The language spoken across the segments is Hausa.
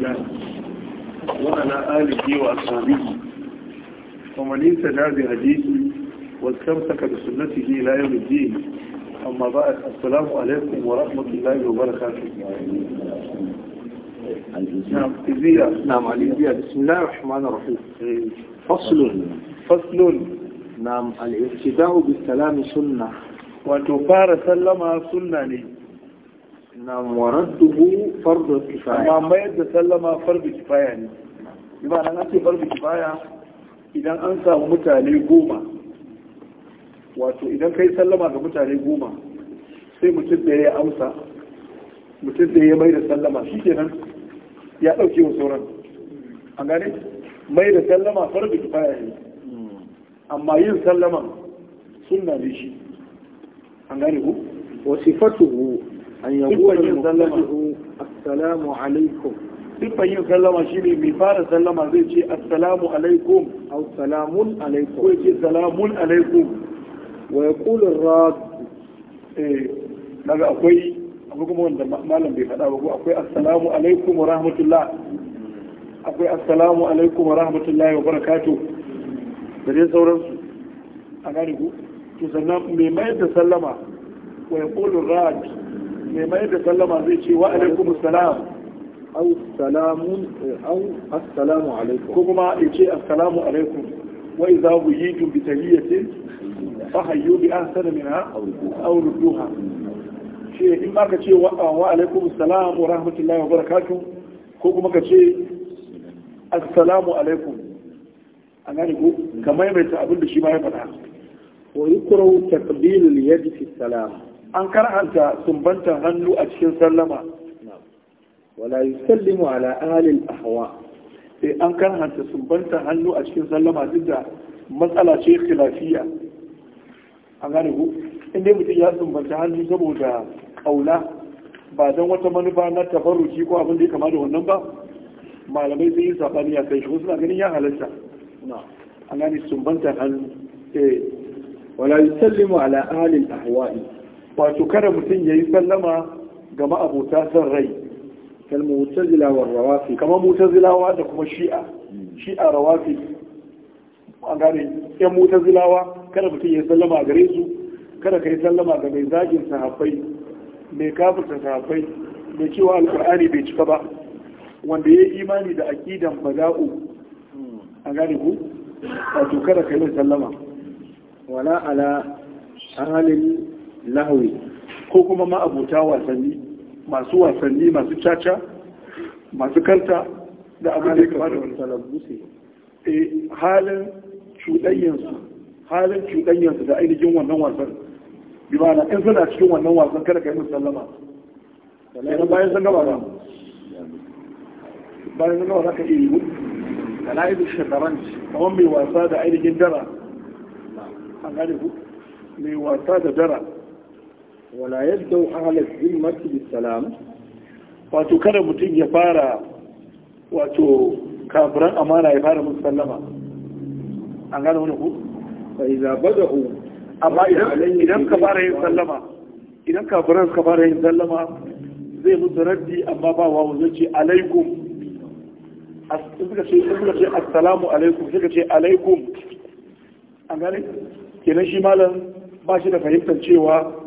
gida wa'ala alihi wa asabi kuma nisa dazi hadisi wasu saka da sunnati ne layar da ji amma ba a salamu alaikum wa rahmatu lai wa baraka su نعم الإذية بسم الله الرحمن الرحيم فصل فصل نعم الإرتداء بالسلام سنة وتفار سلم سنة لي nam waradduhu fardu kifaya amma mayar da sallama fardu kifaya ne ba nan ake fardu kifaya idan an samu mutane goma wato idan kai sallama ga mutane goma sai mutum da ya amsa mutum da ya mai da sallama shi kenan ya ɗauke wa sauran an gane mai da sallama farbi kifaya ne amma yin sallama sunna ne shi an gane ku wa sifatuhu an yaqulu musallamahu assalamu alaikum siffan yin sallama shi ne mai fara sallama zai ce assalamu alaikum au salamun alaikum ko ce salamun alaikum wa yaqulu ar-rad eh daga akwai abu kuma wanda malam bai faɗa ba ko akwai assalamu alaikum wa rahmatullah akwai assalamu alaikum wa rahmatullahi wa barakatuh da dai sauransu a gane ku to sannan mai mayar da sallama wa yaqulu ar-rad mai mayar da sallama zai ce wa alaikum salam au salamun au assalamu alaikum ko kuma ya ce assalamu alaikum wa idza buyitu bi tahiyatin fa hayyu bi ahsana minha aw rudduha ce in ma ka ce wa alaikum salam wa rahmatullahi wa barakatuh ko kuma ka ce assalamu alaikum an gane ko ka maimaita abin da shi ma ya faɗa wa yukrahu taqbilul yadi fi salam an karhanta sumbantan hannu a cikin sallama wala yusallimu ala ahli al-ahwa sai eh, an karhanta sumbantan hannu a cikin sallama duk da matsala ce khilafiyya A gane ku inda mutum ya sumbanta hannu saboda kaula ba don wata manufa na tabarruki ko abin da ya kama da wannan ba malamai sun yi sabani a kai shi suna ganin ya halarta. A gane sumbantan hannu eh. wala yusallimu ala ahli al-ahwa'i wato kada mutum ya yi sallama ga abota son rai kalmutazila wa rawafi kamar mutazilawa da kuma shi'a shi'a rawafi an gane yan mutazilawa kada mutum ya yi sallama gare su kada ka yi sallama ga mai zagin sahabbai mai kafirta sahabbai mai cewa alkur'ani bai cika ba wanda ya yi imani da aqidan bada'u an gane ku wato kada ka yi sallama wala ala ahalin lahawi ko kuma ma'abuta wasanni masu wasanni masu caca masu kanta da abin da ya kama da wani talabbuse eh, halin cuɗayyansu halin cuɗayyansu da ainihin wannan wasan bi na in suna cikin wannan wasan kada ka yi musallama sannan bayan sun gaba ba bayan sun gaba za iri da yi kala'ibu shakaranci kamar mai wasa da ainihin dara an gane ku mai wasa da dara wala yadda ahalar zimmati bisalam wato kada mutum ya fara wato kafiran amana ya fara musu sallama an gane wani ku fa iza bada'u amma idan ka fara yin sallama idan kafiran ka fara yin sallama zai musu raddi amma ba wawo zai ce alaikum suka ce assalamu alaikum suka ce alaikum an gane kenan shi malam ba shi da fahimtar cewa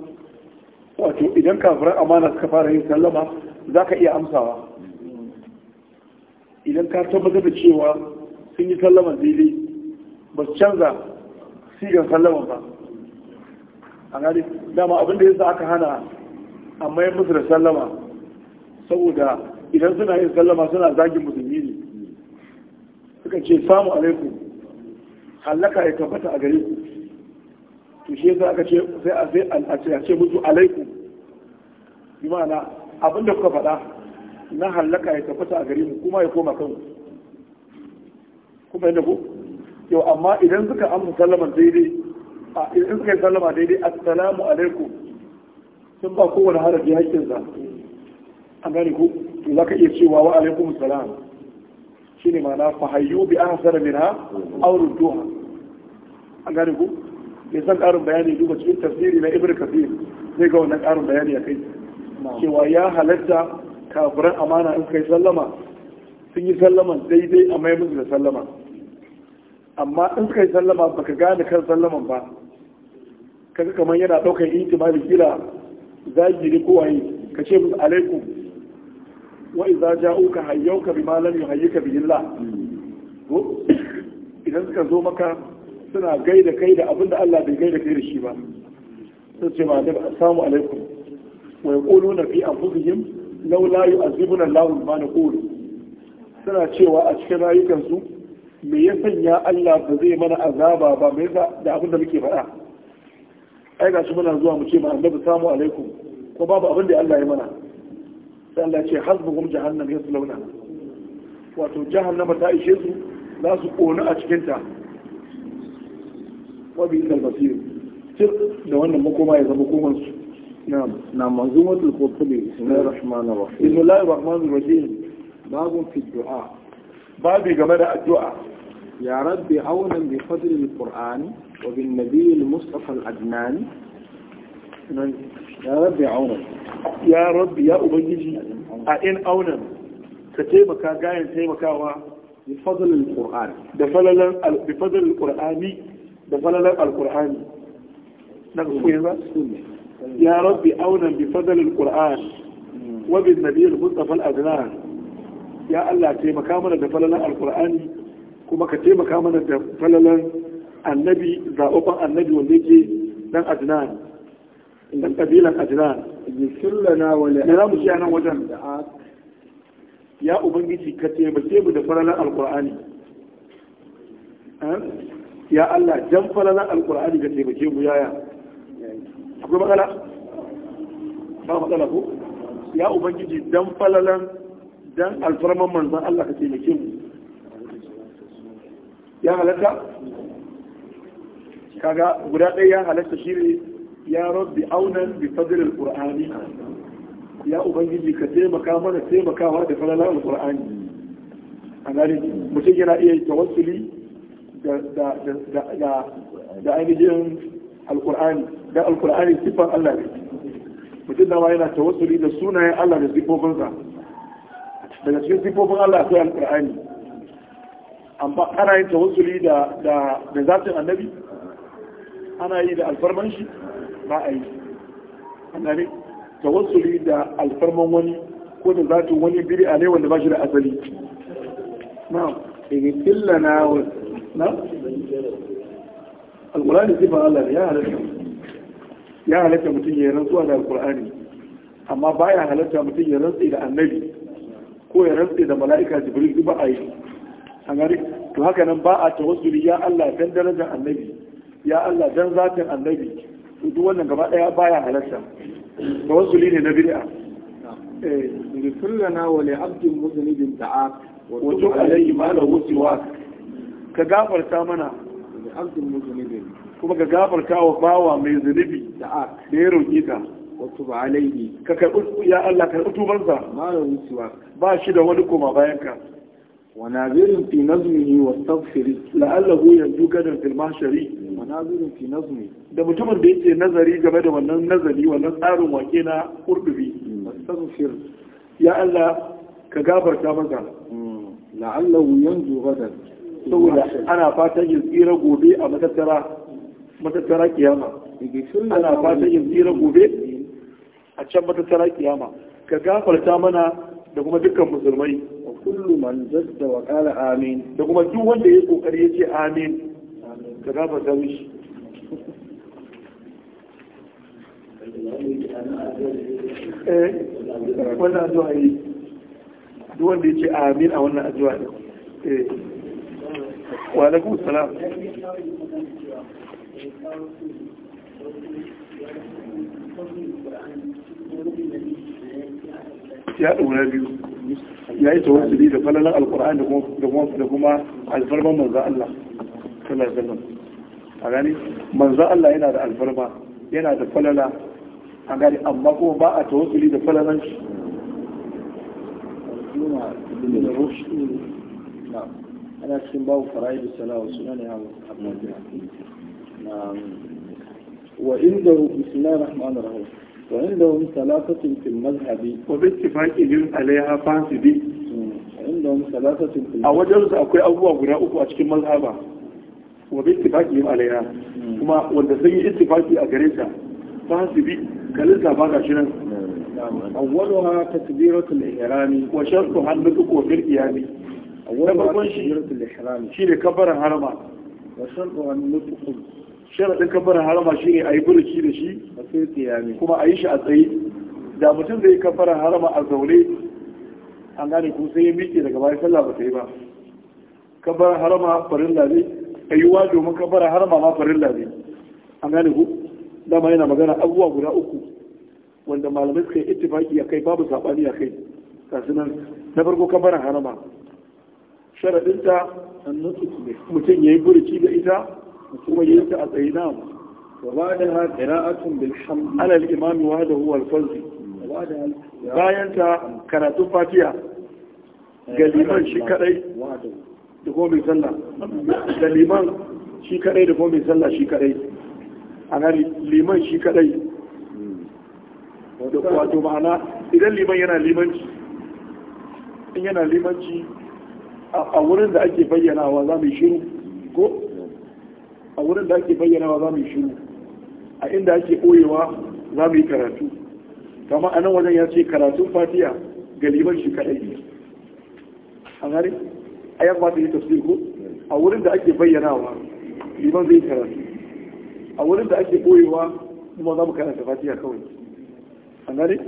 wato idan kafirar amana suka fara yin sallama za ka iya amsawa idan ka tabbatar da cewa sun yi sallama daidai ba su canza sigar sallaman ba a gani dama abinda yasa aka hana amma yin musu da sallama saboda idan suna yin sallama suna zagin musulmi ne suka ce samu alaikum hallaka ya tabbata a gare ku to shi yasa aka ce sai a ce musu alaiku. imana abin da kuka faɗa na hallaka ya tafasa a gare mu kuma ya koma kanku kuma yadda ku yau amma idan suka amsa sallama daidai idan suka yi sallama daidai assalamu alaikum sun ba kowane harafi haƙƙinsa an gane ku to za ka iya cewa wa alaikum salam shi ne mana fahayyu bi a hasara min ha aurin duha an gane ku ya san ƙarin bayani duba cikin tafsiri na ibir kafir zai ga wannan ƙarin bayani a kai cewa ya halatta kafiran amana in kai sallama sun yi sallaman daidai a maimun da sallama amma in kai sallama baka gane kan sallaman ba kaga kamar yana daukar ihtimali kila zagi ne ko waye ka ce musu alaikum wa idza ja'uka hayyuka bima lam yuhayyika bihi Allah ko idan suka zo maka suna gaida kai da abinda Allah bai gaida kai da shi ba sai ce ma alaikum wa yaquluna fi anfusihim law la yu'azibuna Allahu ma naqulu suna cewa a cikin rayukansu me ya sanya Allah ba zai mana azaba ba me yasa da abin da muke faɗa ai ga shi muna zuwa mu ce ma annabi salamu alaikum ko babu abin da Allah ya mana sai Allah ya ce hasbuhum jahannam yaslawna wato jahannama ta ishe su za su kona a cikin ta wa bi da wannan makoma ya zama komansu نعم نعم منظومة القرطبي بسم الله نعم. الرحمن الرحيم بسم الله الرحمن الرحيم باب في الدعاء باب جمال الدعاء يا ربي عونا بفضل القرآن وبالنبي المصطفى العدنان يا ربي عونا يا ربي يا أبنجي أين عونا كتيمكا قاين تيمكا بفضل القرآن بفضل بفضل القرآن بفضل القرآن نقول يا ربي أونا بفضل القرآن وبالنبي المصطفى الأدنان يا الله تيمكا منا دفللا القرآن كما كتيمكا منا دفللا النبي ذا النبي والنبي دان أدنان dan kabilan ajran yusullana wa la na mu yana wajen ya ubangiji ka taimake mu da faralan alqur'ani ya Allah dan faralan Alƙur'ani ka taimake mu yaya akwai magana ba matsala ko ya ubangiji dan falalan dan alfarman manzan Allah ka taimake mu ya halatta kaga guda ɗaya ya halatta shi ne ya rabbi aunan bi fadlil qur'ani ya ubangiji ka taimaka mana taimakawa da falalan alqur'ani a gani mutum yana iya tawassuli da da da da ainihin alkur'ani da alkur'ani siffar Allah ne mutum da yana tawassuli da sunayen Allah da siffofinsa daga cikin siffofin Allah sai alkur'ani amma ana yin tawassuli da da da zatin annabi ana yi da alfarman shi ba a yi annabi tawassuli da alfarman wani ko da zatin wani biri a ne wanda ba shi da asali na'am daga killana wa na. alƙulani sifar Allah ya halatta ya halatta mutum ya rantsuwa da alƙulani amma baya halatta mutum ya rantsi da annabi ko ya rantsi da mala'ika jibril duk ba a yi an gani to haka nan ba a ta wasu ya Allah dan darajar annabi ya Allah dan zatin annabi to duk wannan gaba daya baya halatta wasu ne na bid'a eh ni kullana wa li abdin muzunibin ta'aq wa tu ma ka gafarta mana abdul muzunibin kuma ga gafarta wa bawa mai zunubi da ya roƙe ka wasu ba alaihi ka karɓi ya Allah karɓi tubansa malam wucewa ba shi da wani koma bayan ka wa nazirin fi nazmihi wa tafsiri la'allahu yanzu gadan fil mahshari wa nazirin fi nazmi da mutumin da yake nazari game da wannan nazari wannan tsarin wake na kurdubi tafsir ya Allah ka gafarta masa mm. la'allahu yanzu gadan saboda ana fatan yin tsira gobe a matattara matattara kiyama ana fatan yin tsira gobe a can matattara kiyama ka gafarta mana da kuma dukkan musulmai wa kullu man jadda wa qala amin da kuma duk wanda ya kokari ya ce amin ka gafarta mishi eh wannan addu'a yi duk wanda ya ce amin a wannan addu'a eh wa salam ya ɗaura biyu ya yi da falalar alkur'an da kuma alfarman manza Allah sallallahu a gani manza Allah yana da alfarma yana da falala a gani amma kuma ba a tawassuli da falalan shi ana cikin babu fara'idu salawa suna ne abu abin wa inda bismillahir rahmanir rahim wa inda hum salatatin fil mazhabi wa bi ittifaqihim alaiha fasidi hmm. inda hum salatatun fil a wajen su akwai abubuwa guda uku a cikin mazhaba wa bi ittifaqihim alaiha hmm. kuma wanda sun yi ittifaqi a gare ta fasidi kalin sa ba ga shi nan awwaluha takbiratul ihrami wa shartu hannu ko iyami na farkon shi shi ne kabbaran harama sharaɗin kabbaran harama shi ne a yi burki da shi kuma a yi shi a tsaye da mutum zai kabbaran harama a zaune an gane ko sai ya miƙe daga bayan sallah ba ta yi ba kabbaran harama farilla ne wa domin kabbaran harama ma farilla ne an gane ko dama yana magana abubuwa guda uku wanda malamai suka yi ittifaki a kai babu saɓani a kai kasunan na farko kabbaran harama sharadinta sannan mutum ya yi burki da ita kuma ya yi ta a tsaye na وبعدها قراءة بالحمد على الإمام وهذا هو الفرض bayan ta karatun fatiha ga liman shi kadai da kuma mai sallah galiman liman shi kadai da kuma mai sallah shi kadai a na liman shi kadai hmm. wato ma'ana idan liman yana limanci in yana limanci a wurin da ake bayyanawa za mu shiru ko a wurin da ake bayyanawa za mu shiru a inda ake koyewa za mu yi karatu kama a nan wajen ya ce karatun fatiya ga liman shi kaɗai ne a gari a yan fata yi tafsir ko a wurin da ake bayyanawa liman zai karatu a wurin da ake koyewa kuma za mu karanta fatiya kawai a gari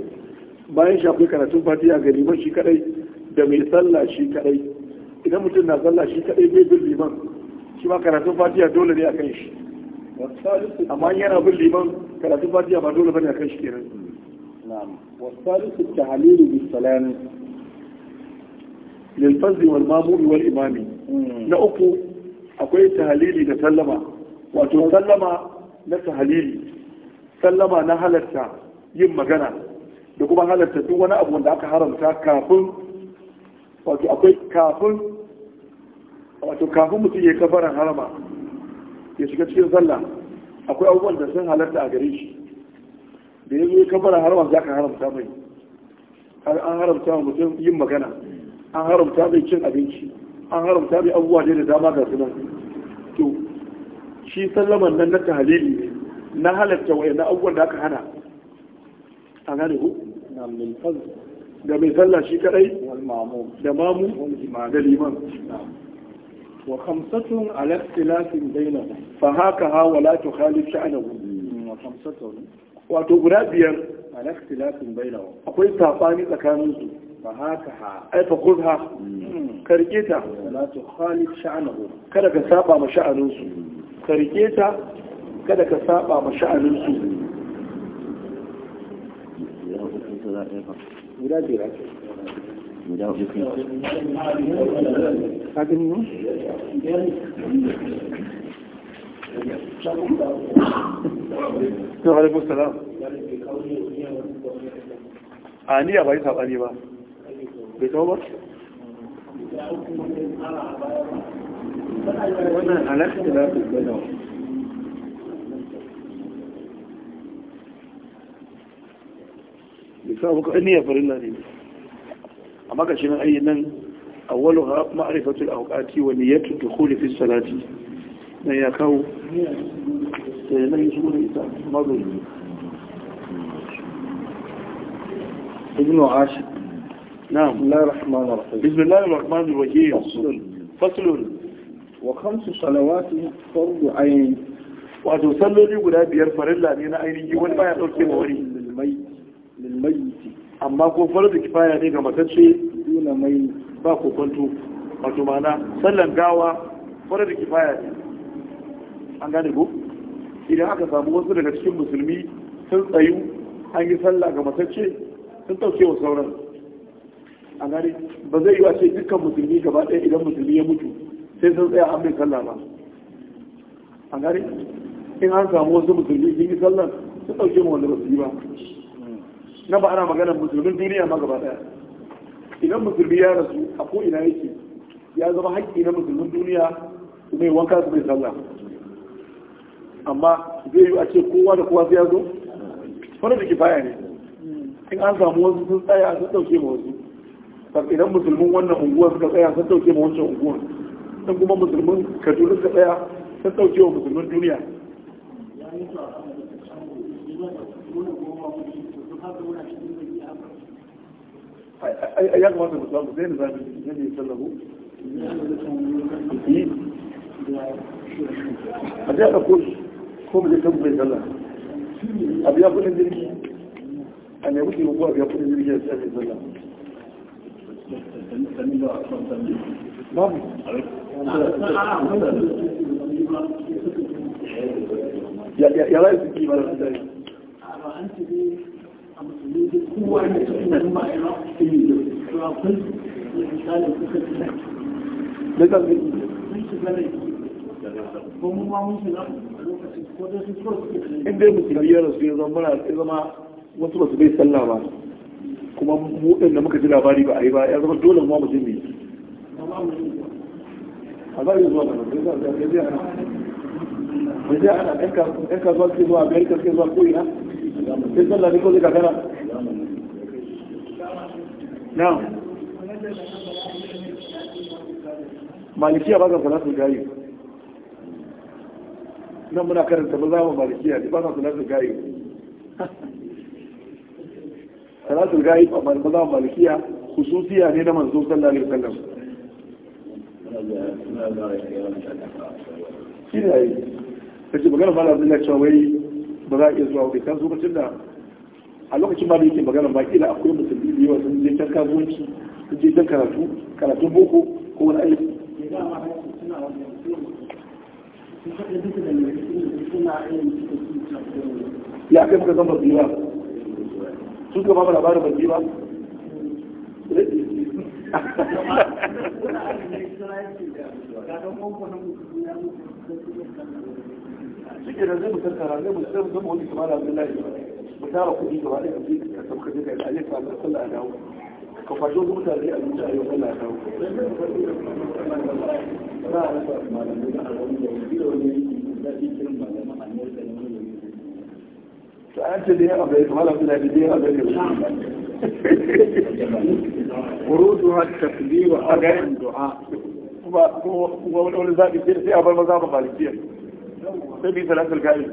bayan shafi karatun fatiya ga liman shi kaɗai da mai sallah shi kaɗai idan mutum na zalla shi kadai bai bin liman shi ma karatun fatiha dole ne a kan shi amma yana bin liman karatun fatiha ba dole bane a kan shi kenan na'am salisu tahlilu bis salam lil fazl wal mamum wal imami hmm. na uku akwai tahlili da sallama wato sallama na tahlili sallama na halatta yin magana da kuma halatta duk wani abu wanda aka haramta kafin wato akwai kafin wato kafin mutum ya kafaran harama ya shiga cikin sallah akwai abubuwan da sun halarta a gare shi da ya zo kafaran harama za ka haramta mai an haramta mai mutum yin magana an haramta mai cin abinci an haramta mai abubuwa da dama ga sunan to shi sallaman nan na tahalili ne na halarta waye na abubuwan da aka hana a gane ku da mai sallah shi kadai da mamu da liman wa khamsatun ala ikhtilafin bainahum fa haka ha wala tukhalif sha'anahum wa khamsatun wato guda biyar ala ikhtilafin bainahum akwai safani tsakanin su fa haka ha ai fa hmm. karke ta wala tukhalif sha'anahum kada ka saba ma su hmm. karke ta kada ka ma su ولا فقهي هذا وعليكم السلام aniya ba yi saɓani ba bai kawo ba wannan alaƙa da su gada bai kawo ba aniya farilla ne amma ga shi nan ayi nan awwalu ha ma'rifatul awqati wa niyyatu dukhul fi salati nan ya kawo sai nan shi ne ita magana ابن عاشر نعم بسم الله الرحمن الرحيم بسم الله الرحمن الرحيم فصل فصل وخمس صلوات فرض عين wato salloli guda biyar farilla ne na ainihi wani baya dauke ma wani lilmai amma ko farzu kifaya ne ga matacce dole mai ba kwanto wato mana sallan gawa farzu kifaya ne an gane ko idan aka samu wasu daga cikin musulmi sun tsayu an yi sallah ga matacce sun ɗauke wa sauran a gane ba zai yi wa ce dukkan musulmi gaba ɗaya idan musulmi ya mutu sai sun tsaya an mai sallah ba a gane in an samu wasu musulmi sun yi sallah sun ɗauke wa wanda ba su yi ba na ba ana magana musulmin duniya ma gaba daya idan musulmi ya rasu a ko ina yake ya zama haƙƙi na musulmin duniya mai wanka su mai sallah amma zai yi a ce kowa da kowa sai ya zo wani da kifaya ne in an samu wasu sun tsaya sun ɗauke ma wasu idan musulmin wannan unguwar suka tsaya sun ɗauke ma wancan unguwar sun kuma musulmin kaduna suka tsaya sun ɗauke wa musulmin duniya ya kamata mu samu zai zaɓi zai ne sallahu a zai ɗauko shi ko mu zai kan bai sallah a biya kuɗin jirgi a nemi taimako a biya kuɗin jirgi a tsaye sallah babu ya rayu su kima da su kowa ya ci da ma cikin da misalin da kan gani sun shiga ko mu ma mun shiga lokacin ko da su su in dai ya zama ya zama wasu ba su bai sallah ba kuma mu da muka ji labari ba a yi ba ya zama dole mu mu a zuwa na'am malikiya ba ka salatul gayi nan muna karanta ba za mu malikiya ne ba ka salatul gayi salatul gayi ba za mu malikiya hususiya ne na manzo sallallahu alaihi wasallam shi ne ya yi ta ce magana ba na zina cewa wai ba za a iya zuwa wuri kan lokacin da a lokacin ba da yake magana ba kila akwai musulmi da yawa sun je can kasuwanci sun je can karatu karatun boko ko wani aiki ya kai muka zama sun gaba ba labarin ba zai zai wani kamar بتاعه كدي جوا عليه طب كدي الالف على كل انا كفاجو دوت اللي قال لي ايوه كل انا فأنت دي أبيت ولا بلا دي أبيت ورودها التكبير أو الدعاء وقول ذلك في أبا المذاب الغالبية سبي ثلاثة القائل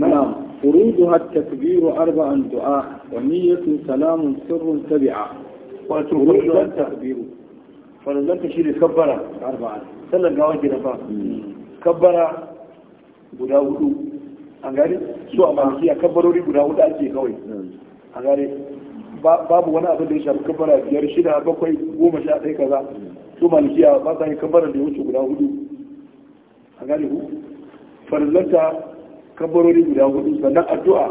نعم فروضها التكبير أربعا دعاء ونية سلام سر تبعة فروضها التكبير فرزقت شيء كبرة أربعا سلم قواجه نفا كبرة بداوه an gane su a malikiya kabbarori guda hudu ake kawai an gane babu wani abin da ya shafi kabbara biyar shida bakwai goma sha ɗaya kaza su malikiya ba sa yin kabbara da ya wuce guda hudu an gane ku farzanta kabarori guda hudu sannan addu'a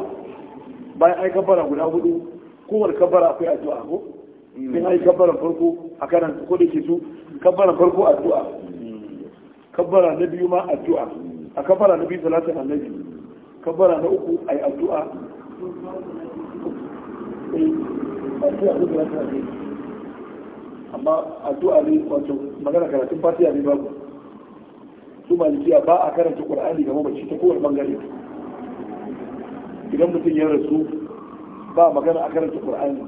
bayan ai kabara guda hudu kowar kabara akwai addu'a ko mm. in ai kabara farko a karan ko da ke su kabara farko addu'a kabara na biyu ma addu'a a kabara na biyu na annabi kabara na uku ai addu'a amma addu'a ne wato magana karatun fatiha ne babu su malikiya ba a karanta qur'ani ga mamaci ta kowane bangare idan mutum ya rasu ba magana a karanta qur'ani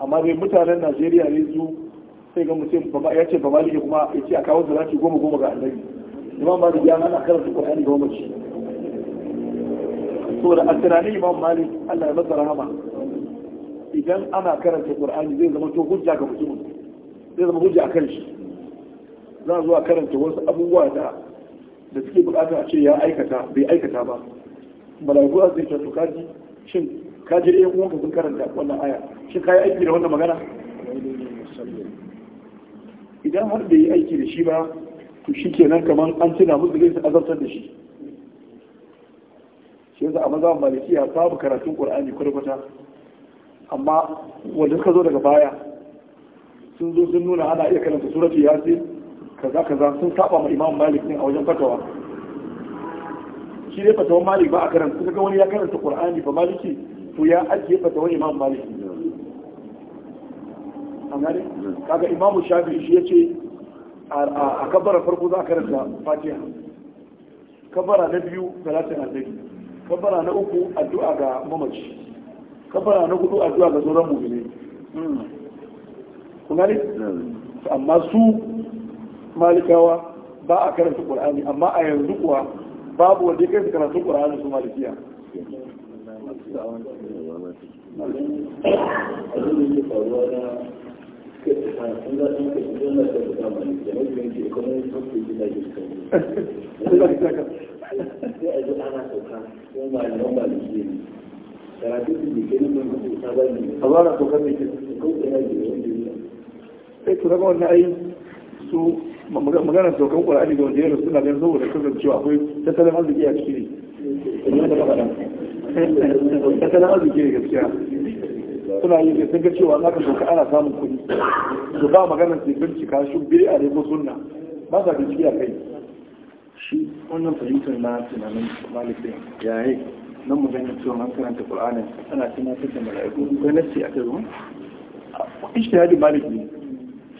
amma dai mutanen najeriya ne su sai ga mutum ya ce ba maliki kuma ya ce a kawo salati goma goma ga annabi imam malik ya hana karanta qur'ani ga mamaci saboda a tunanin imam malik allah ya masa rahama idan ana karanta qur'ani zai zama to hujja ga mutum zai zama hujja a kan shi za a zuwa karanta wasu abubuwa da da suke bukata a ce ya aikata bai aikata ba malaiku za su yi tattu kaji shin ka je ɗaya kuma sun karanta wannan aya shin ka yi aiki da wannan magana idan har bai yi aiki da shi ba to shi kenan kamar an tuna musu zai su azabtar da shi shi yasa a maza ya babu karatun qur'ani kurkuta amma wanda suka zo daga baya sun zo sun nuna ana iya karanta surati yasin kaza kaza sun saba ma imam malik ne a wajen fatawa shi dai fatawan malik ba a karanta kaga wani ya karanta qur'ani ba maliki to ya ajiye fatawan imam malik an gane kaga imam shafi shi yace a kabbara farko za a karanta fatiha kabbara na biyu salatin annabi kabbara na uku addu'a ga mamaci kabbara na hudu addu'a ga zuran mu'mini kuma ne amma su malikawa ba a karanta qur'ani amma a yanzu kuwa babu wanda ya kai qur'ani su malikiya na da ke. su magana saukan ƙwararri da wanda ya rasu na ganin saboda kusan cewa akwai tattalin arziki a ciki ne tattalin arziki ne gaskiya suna yi da sun ga cewa na ka sauka ana samun kuɗi su ba magana su bincika shi biri a rebo sunna ba sa bincike a kai shi wannan fahimtar na tunanin malikin yayi nan mu ganin cewa an karanta qur'anin ana tunatar da mala'iku kai nasi akai ruwan ishtihadi maliki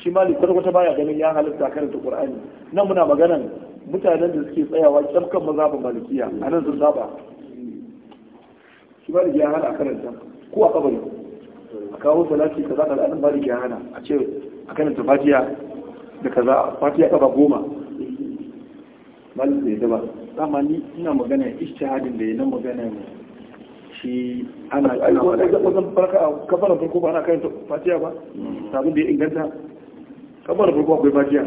shi malik kwata-kwata baya ganin ya halitta karanta qur'ani nan muna maganan mutanen da suke tsayawa maza mazhabin malikiya a nan sun saba shi malik ya hana a karanta ko a kabari a kawo salati kaza kaza nan malik ya hana a ce a karanta fatiya da kaza fatiya kaba goma malik bai daba amma ni ina magana ishtihadin da yana magana shi ana ana wajen kafaran farko ba ana kai fatiya ba sabon da ya inganta kamar da farko majiya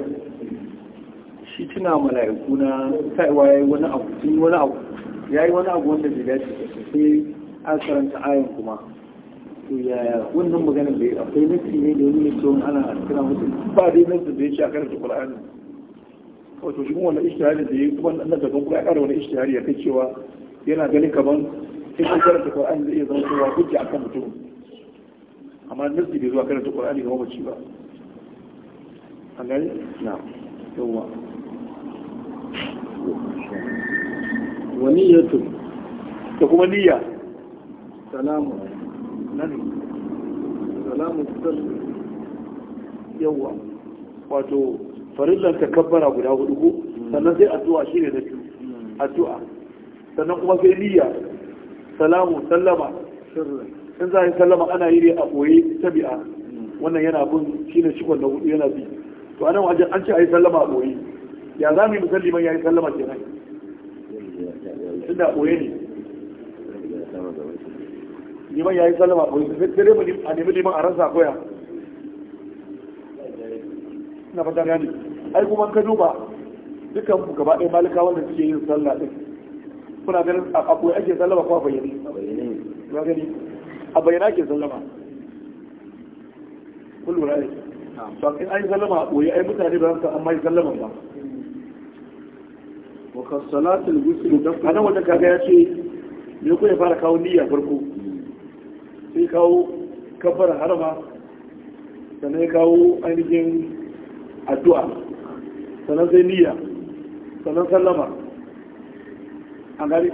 shi tuna mala'iku na taiwa ya yi wani abu sun wani abu ya yi wani abu wanda bai dace sai an karanta ayon kuma to ya wannan magana bai akwai nufi ne da wani cewa ana tuna mutum ba dai nan da ya ce a karanta kur'ani wato shi kuma wannan ishtihari da ya yi kuma nan da kuma ya kara wani ishtihari ya kai cewa yana ganin kaman sai kun karanta kur'ani zai iya zama cewa hujja akan mutum amma nufi bai zuwa karanta kur'ani ga mamaci ba Wani gani na yawa da kuma niyya salamu nani salamu sallu yawa wato farillan takabbara guda hudu ko sannan sai addu'a shine na biyu addu'a sannan kuma sai niyya salamu sallama in za a yi sallama ana yi ne a ɓoye tabi'a wannan yana bin shi ne cikon da hudu yana bi to anan wajen an ce a yi sallama a ɓoye ya za mu yi musalli man ya yi sallama ke nan tun da ɓoye ne liman ya yi sallama a ɓoye sai dare mu a nemi liman a rasa koya na fata gani ai kuma ka duba dukkan ku gaba ɗaya malika wanda suke yin sallah ɗin kuna ganin a ɓoye ake sallama ko a bayyane a bayyana ake sallama kullum ra'ayi ba in an yi sallama a ɓoye ai mutane ba za an ma yi sallama ba wa ka salatul gusul dan kana wanda kaga ya ce me ko ya fara kawo niyya farko sai kawo kabbara harama sannan ya kawo ainihin addu'a sannan sai niyya sannan sallama a gari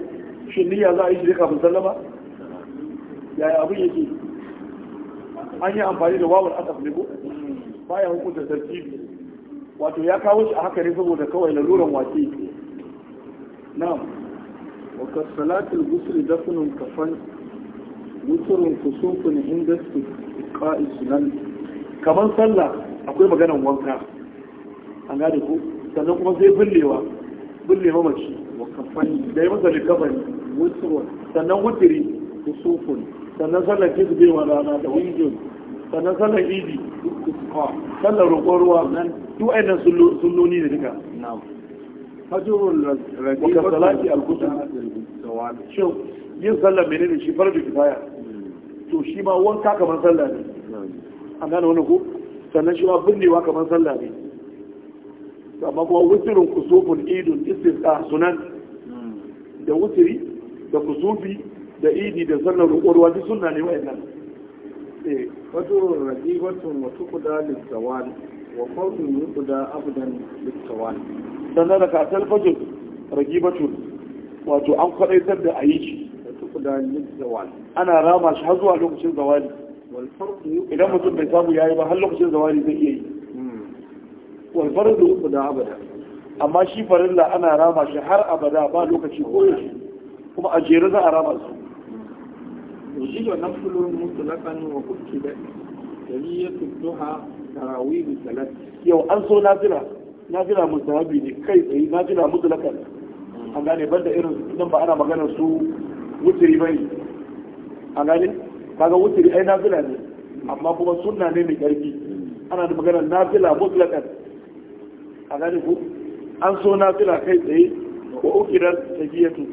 shi niyya za a yi shi kafin sallama yaya abin yake an yi amfani da wawar asaf ne ko baya hukunta tartibi wato ya kawo shi a haka ne saboda kawai laluran wake na'am wa kasalatul ghusl dafnun kafan wuturun kusufun inda su ka'i sunan kamar sallah akwai maganan wanka an gane ku sannan kuma zai bullewa bullewa mace wa kafan da ya masa likafani wuturun sannan wuturi kusufun sannan sallar kisu bai rana da wujud sannan sallar idi sallar roƙon ruwa duk aina sulloni ne duka fajirul rabi'a salati al-qudus shin yin sallar menene shi farbi kifaya to shi ma wanka kamar sallar ne a gane wani ku sannan shi ma binnewa kamar sallar ne amma kuma wuturin kusufun idun istisqa sunan da wuturi da kusufi da idi da sallar roƙon ruwa duk sunna ne nan ce fajirun rajibatun wa tukuda littawan wa yi yukuda abudan littawan sannan da kasar fajir rajibatun wato an kwadaitar da a yi shi wa tukuda littawan ana rama shi har zuwa lokacin zawali idan mutum bai samu yayi ba har lokacin zawali zai iya yi hmm. wal fardu yukuda abada amma shi farilla ana rama shi har abada ba lokaci ko yaushe kuma a jere za a rama su وجد نفل مطلقا وكتبت جميع الدعاء تراويح ثلاث يو أنزو نازلة نازلة مستوابي كيف هي نازلة مطلقا an gane irin nan ba ana magana su wuturi gane kaga wuturi ai nafila ne amma kuma sunna ne mai karfi ana da magana nafila mutlaqan a gane an so kai tsaye ko tafiyatu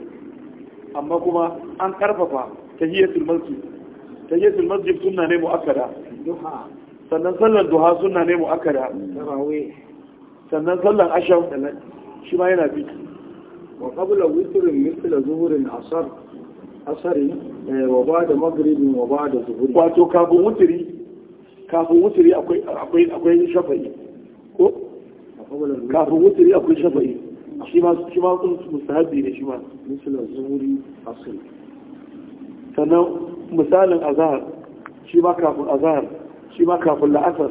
amma kuma an karfafa tahiyatul masjid tahiyatul masjid sunna ne muakkada duha sannan sallar duha sunna ne muakkada tarawih sannan sallar asham shi ma yana bi wa qabla witrin misl al-asr asari eh, wa ba'da maghrib wa ba'da zuhuri wato kafin witri kafin witri akwai akwai akwai shafa'i ko kafin witri akwai shafa'i shi ma shi ma mustahabi ne shi ma misl zuhuri asari sannan misalin azahar shi ma kafin azahar shi ma kafin la'asar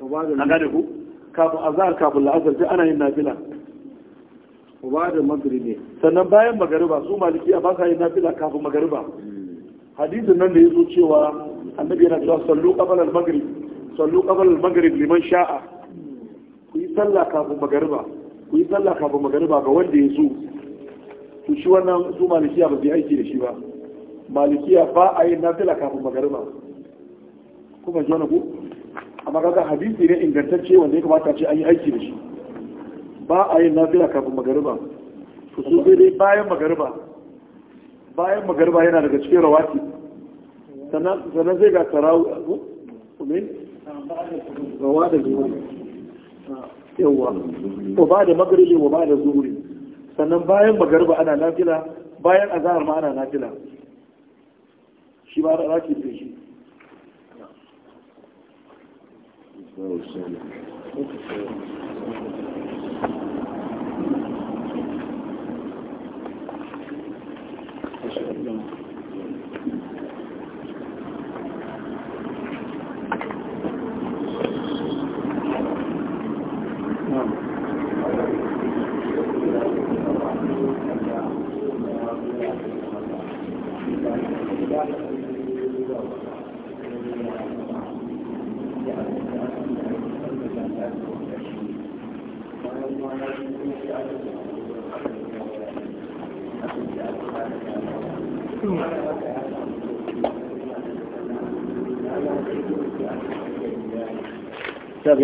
an gane ku kafin azahar kafin la'asar sai ana yin nafila da ne sannan bayan magariba su maliki ba sa yin nafila kafin magariba hmm. hadisin nan da ya zo cewa annabi yana cewa sallu qabala al-maghrib sallu qabala al-maghrib liman sha'a ku yi sallah kafin magariba ku yi sallah kafin magariba ga wanda ya zo to shi wannan su malikiya ba su yi aiki da shi ba malikiya ba a yi nafila kafin magariba kuma ji wani ku amma kaga hadisi ne ingantacce wanda ya kamata ce an yi aiki da shi ba a yi nafila kafin magariba su su dai bayan magariba bayan magariba yana daga cikin rawati sannan zai ga tarawu ku kuma rawa da zuri yawa ko ba da magariba ba da zuri sannan bayan magariba ana nafila bayan azahar ma ana nafila shi ba da rafi da shi Thank you. Eh,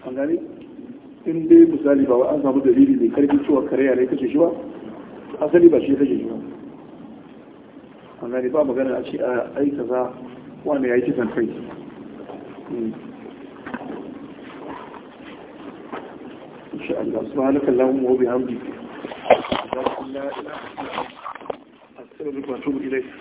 a akwai in dai misali ba an samu dalili mai karfi cewa karaya ne kashe shi ba asali ba shi kashe shi ba an gani ba magana a ce a aika za wanda ya yi kisan kai hmm. insha Allah subhanaka Allahumma wa bihamdika la ilaha illa anta astaghfiruka wa atubu ilayk